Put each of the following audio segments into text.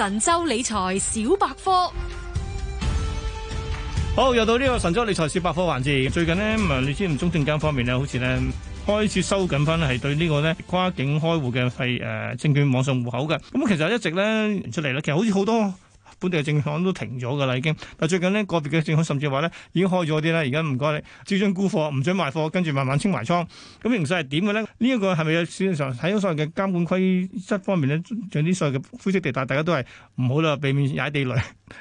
神州理財小百科，好，又到呢個神州理財小百科環節。最近呢，唔係你知唔中證監方面咧，好似咧開始收緊翻係對個呢個咧跨境開戶嘅係誒證券網上戶口嘅。咁、嗯、其實一直咧出嚟咧，其實好似好多。本地嘅證券行都停咗噶啦，已經。但最近呢個別嘅證券行甚至話咧已經開咗啲啦。而家唔該你只准沽貨，唔准買貨，跟住慢慢清埋倉。咁形勢係點嘅咧？呢、這、一個係咪有市場喺咁所謂嘅監管規則方面咧，像啲所謂嘅灰色地帶，大家都係唔好啦，避免踩地雷，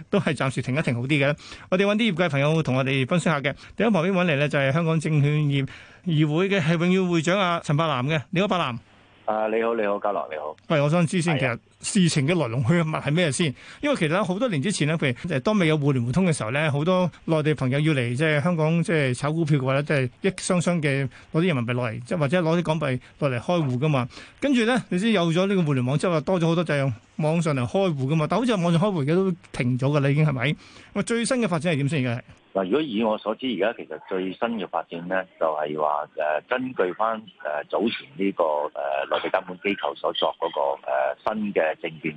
都係暫時停一停好啲嘅。我哋揾啲業界朋友同我哋分析下嘅。第一旁邊揾嚟咧就係香港證券商協會嘅，係永遠會長阿陳柏楠嘅。你好，柏楠。啊，你好，你好，嘉樂，你好。喂，我想知先，哎、呀其實事情嘅來龍去脈係咩先？因為其實好多年之前咧，譬如當未有互聯互通嘅時候咧，好多內地朋友要嚟即係香港即係炒股票嘅話咧，即係一箱箱嘅攞啲人民幣落嚟，即係或者攞啲港幣落嚟開戶噶嘛。跟住咧，你知有咗呢個互聯網之後，多咗好多就係用，網上嚟開戶噶嘛。但好似係網上開戶而家都停咗噶啦，已經係咪？喂，最新嘅發展係點先？而家？如果以我所知，而家其實最新嘅發展咧，就係話誒根據翻早前呢個、誒、內地監管機構所作嗰個、誒、新嘅證券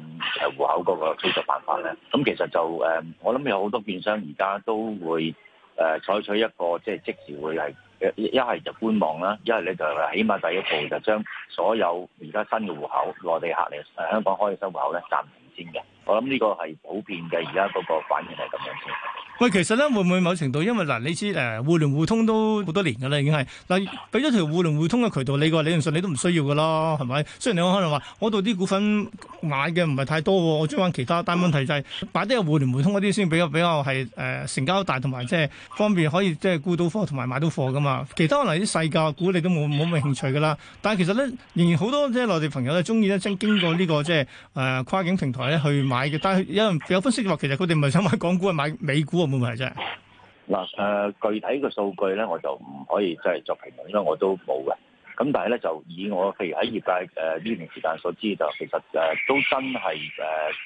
誒戶口嗰個操作辦法咧，咁其實就、呃、我諗有好多券商而家都會、呃、採取一個即係即，即時會係一一係就觀望啦，一係咧就起碼第一步就將所有而家新嘅戶口內地客嚟香港開嘅新戶口咧暫停先嘅。我諗呢個係普遍嘅，而家嗰個反應係咁樣先。喂，其實咧會唔會某程度，因為嗱，你知誒互聯互通都好多年噶啦，已經係嗱俾咗條互聯互通嘅渠道，你個理論上你都唔需要噶咯，係咪？雖然你可能話嗰度啲股份買嘅唔係太多，我中意玩其他，但係問題就係、是、擺得互聯互通嗰啲先比較比較係誒、呃、成交大，同埋即係方便可以即係沽到貨同埋買到貨噶嘛。其他可能啲細價股你都冇冇乜興趣噶啦。但係其實咧，仍然好多即係內地朋友咧，中意咧即係經過呢、這個即係誒跨境平台咧去買嘅。但係有人有分析話，其實佢哋唔係想買港股，係買美股。冇問題啫。嗱，誒，具體嘅數據咧，我就唔可以即係作評論，因為我都冇嘅。咁但係咧，就以我譬如喺業界誒呢段時間所知，就其實誒都真係誒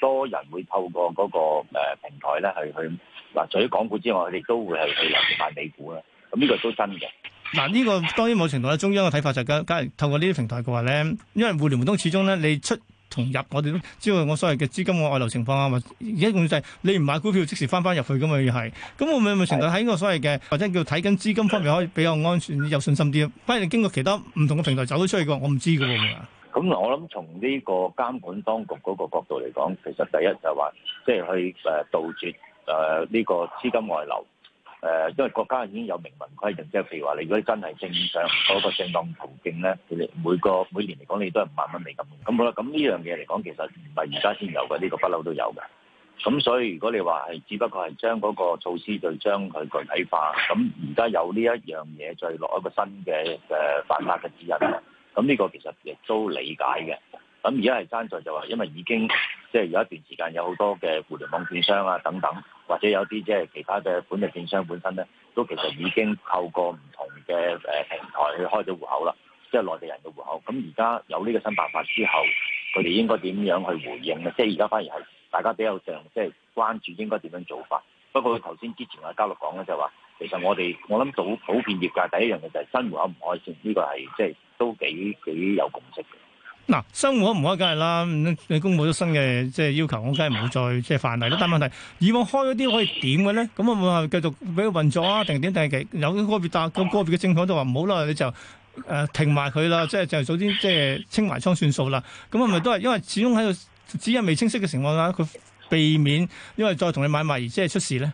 多人會透過嗰個誒平台咧，係去嗱，除咗港股之外，佢哋都會係去留意賣美股啦。咁、呢、呢個都真嘅。嗱、啊、呢、呢個當然某程度咧，中央嘅睇法就梗梗係透過呢啲平台嘅話咧，因為互聯互通始終咧，你出同入我哋都，知道，我所謂嘅資金嘅外流情況啊，或而家咁就係你唔買股票，即時翻翻入去㗎嘛。又係，咁我咪咪程度喺個所謂嘅，或者叫睇緊資金方面可以比較安全、有信心啲啊。反而經過其他唔同嘅平台走咗出去個，我唔知㗎。喎。咁嗱，我諗從呢個監管當局嗰個角度嚟講，其實第一就係話，即係去誒杜絕誒呢個資金外流。誒、呃，因為國家已經有明文規定，即係譬如話你如果真係正常嗰、那個正當途徑咧，你每個每年嚟講你都係五萬蚊未夠，咁好啦。咁呢樣嘢嚟講其實唔係而家先有嘅，呢、這個不嬲都有嘅。咁所以如果你話係只不過係將嗰個措施再將佢具體化，咁而家有呢一樣嘢再落一個新嘅誒辦法嘅指引，咁呢個其實亦都理解嘅。咁而家係爭在就話，因為已經即係、就是、有一段時間有好多嘅互聯網券商啊等等。或者有啲即係其他嘅本地券商本身咧，都其實已經透過唔同嘅誒平台去開咗戶口啦，即係內地人嘅戶口。咁而家有呢個新辦法之後，佢哋應該點樣去回應咧？即係而家反而係大家比較上即係、即係、關注應該點樣做法。不過頭先之前阿嘉樂講咧就話，其實我哋我諗到普遍業界第一樣嘅就係新戶口唔開先，呢、呢個係即係都幾幾有共識嘅。嗱、啊，生活唔開，梗係啦。你公布咗新嘅即係要求，我梗係唔好再即係犯例啦。但問題以往開嗰啲可以點嘅咧？咁啊，冇係繼續俾佢運作啊？定點定？其有啲個別大個嘅政府都話唔好啦，你就誒、呃、停埋佢啦。即係就早啲即係清埋倉算數啦。咁係咪都係因為始終喺度，指引未清晰嘅情況下，佢避免因為再同你買賣而即係出事咧？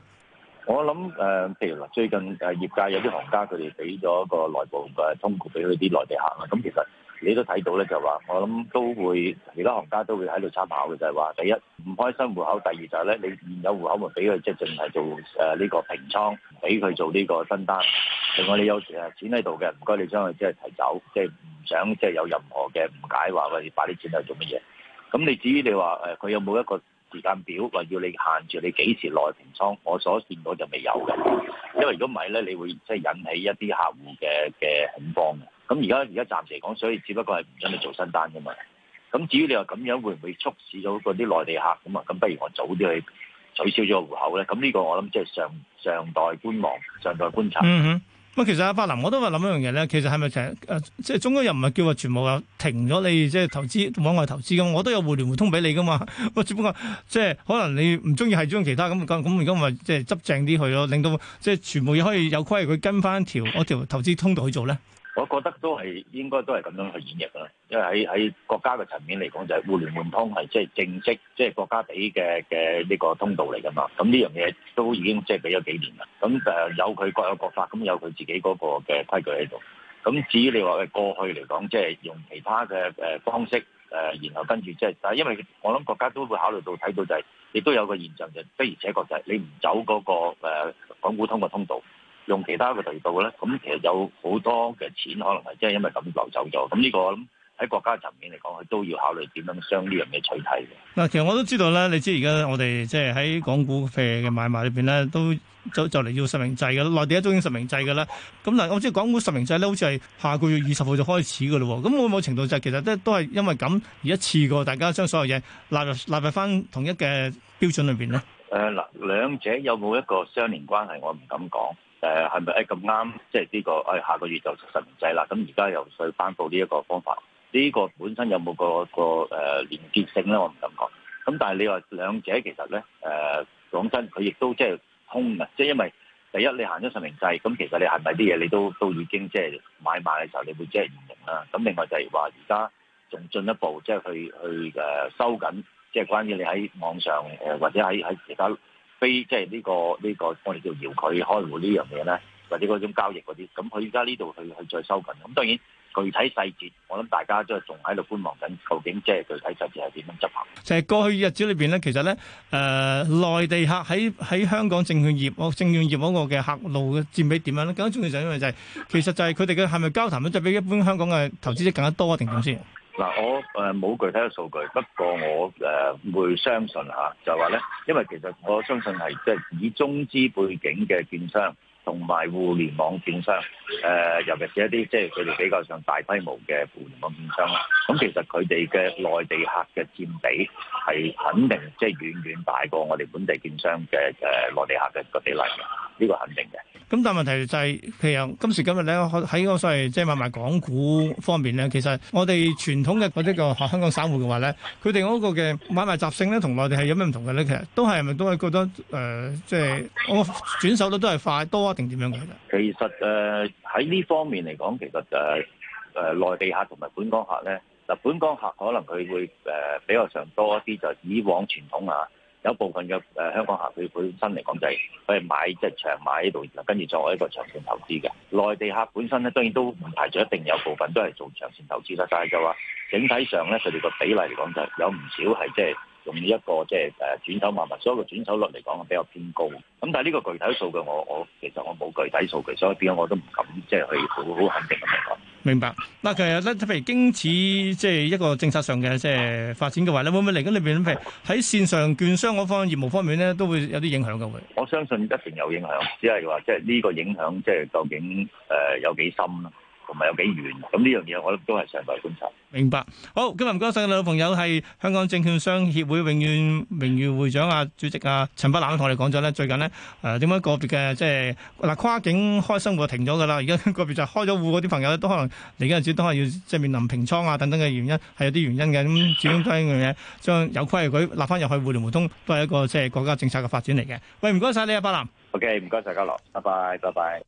我諗誒，譬、呃、如嗱，最近誒業界有啲行家佢哋俾咗個內部嘅通告俾佢啲內地客啦。咁其實。你都睇到咧，就話、是、我諗都會，其他行家都會喺度參考嘅，就係、是、話第一唔開新戶口，第二就係咧你現有戶口，咪俾佢即係淨係做呢、呃這個平倉，俾佢做呢個新單。另外你有時啊錢喺度嘅，唔該你將佢即係提走，即係唔想即係、就是、有任何嘅誤解，話喂你擺啲錢嚟做乜嘢？咁你至於你話誒佢有冇一個時間表話要你限住你幾時內平倉，我所見到就未有嘅，因為如果唔係咧，你會即係、就是、引起一啲客戶嘅嘅恐慌嘅。咁而家而家暫時嚟講，所以只不過係唔准你做新單啫嘛。咁至於你話咁樣會唔會促使咗嗰啲內地客咁啊？咁不如我早啲去取消咗個戶口咧。咁呢個我諗即係上上代觀望，上代觀察。嗯哼，咁其實阿、啊、柏楠，我都話諗一樣嘢咧。其實係咪成即係中央又唔係叫話全部話停咗你即係投資往外投資嘅，我都有互聯互通俾你噶嘛。咁、啊、只不過即係可能你唔中意係將其他咁咁咁，而家咪即係執正啲去咯，令到即係全部嘢可以有規矩佢跟翻條嗰條投資通道去做咧。我覺得都係應該都係咁樣去演繹㗎啦，因為喺喺國家嘅層面嚟、就是、講，就係互聯互通係即係正式即係國家俾嘅嘅呢個通道嚟噶嘛。咁呢樣嘢都已經即係俾咗幾年啦。咁誒有佢各有各法，咁有佢自己嗰個嘅規矩喺度。咁至於你話嘅過去嚟講，即係用其他嘅誒方式誒，然後跟住即係，但係因為我諗國家都會考慮到睇到就係，亦都有個現象就，的而且確就係你唔走嗰個港股通嘅通道。用其他嘅渠道咧，咁其實有好多嘅錢可能係即係因為咁流走咗。咁呢個我諗喺國家嘅層面嚟講，佢都要考慮點樣將呢樣嘢取替嘅。嗱，其實我都知道咧，你知而家我哋即係喺港股嘅買賣裏邊咧，都就就嚟要實名制嘅，內地一早已經實名制嘅啦。咁嗱，我知港股實名制咧，好似係下個月二十號就開始嘅嘞。咁有冇程度就係其實都都係因為咁而一次過大家將所有嘢納入納入翻同一嘅標準裏邊咧？誒嗱、呃，兩者有冇一個相連關係，我唔敢講。誒係咪誒咁啱？即係呢個、哎、下個月就實名制啦。咁而家又再翻到呢一個方法，呢、這個本身有冇個個誒、呃、連結性咧？我唔敢講。咁但係你話兩者其實咧誒講真，佢亦都即係通嘅。即、就、係、是、因為第一你行咗實名制，咁其實你係咪啲嘢你都都已經即係買賣嘅時候，你會即係認啦。咁另外就係話而家仲進一步即係、就是、去去誒收緊，即、就、係、是、關於你喺網上或者喺喺其他。非即係呢個呢個，這個、我哋叫搖佢開戶呢樣嘢咧，或者嗰種交易嗰啲，咁佢依家呢度去去再收緊。咁當然具體細節，我諗大家都係仲喺度觀望緊，究竟即係具體細節係點樣執行的？就係過去日子裏邊咧，其實咧誒、呃，內地客喺喺香港證券業，我證券業嗰個嘅客路嘅佔比點樣咧？更加重要就係因為就係、是、其實就係佢哋嘅係咪交談咗，就比一般香港嘅投資者更加多定咁先？嗱、啊，我誒冇、呃、具體嘅數據，不過我誒、呃、會相信嚇，就話咧，因為其實我相信係即係以中資背景嘅券商。同埋互聯網券商，誒、呃，尤其是一啲即係佢哋比較上大規模嘅互聯網券商啦。咁其實佢哋嘅內地客嘅佔比係肯定即係遠遠大過我哋本地券商嘅誒、呃、內地客嘅個比例嘅，呢、這個肯定嘅。咁但係問題就係、是，譬如今時今日咧，喺我所謂即係買賣港股方面咧，其實我哋傳統嘅或者個香港散戶嘅話咧，佢哋嗰個嘅買賣習性咧，同內地係有咩唔同嘅咧？其實都係咪都係覺得誒，即、呃、係、就是、我轉手率都係快多。定點樣講，其實誒，喺呢方面嚟講，其實誒誒、呃、內地客同埋本港客咧，嗱，本港客可能佢會誒、呃、比較上多一啲，就是、以往傳統啊，有部分嘅誒、呃、香港客佢本身嚟講就係，佢係買即係長買喺度，跟住作為一個長線投資嘅，內地客本身咧，當然都唔排除一定有部分都係做長線投資啦。但係就話整體上咧，佢哋個比例嚟講，就係有唔少係即係。用呢一個即係誒轉手萬物，所以個轉手率嚟講係比較偏高。咁但係呢個具體數據，我我其實我冇具體數據，所以點樣我都唔敢即係去好好肯定樣咁講。明白。嗱，其實咧，譬如經此即係一個政策上嘅即係發展嘅話咧，你會唔會嚟緊裏邊譬如喺線上券商嗰方業務方面咧，都會有啲影響嘅？我相信一定有影響，只係話即係呢個影響即係究竟誒、呃、有幾深啦。唔係有幾遠？咁呢樣嘢我諗都係長遠觀察。明白。好，今日唔該晒你老朋友係香港證券商協會永遠名譽會長啊、主席啊陳柏楠同我哋講咗咧，最近呢，誒點解個別嘅即係嗱跨境開新戶停咗㗎啦，而家個別就開咗戶嗰啲朋友都可能嚟緊，只都係要即係面臨平倉啊等等嘅原因，係有啲原因嘅。咁始終都係一樣嘢，將有規矩立翻入去，互聯互通都係一個即係國家政策嘅發展嚟嘅。喂，唔該晒你啊，柏楠。OK，唔該晒，家樂，拜拜，拜拜。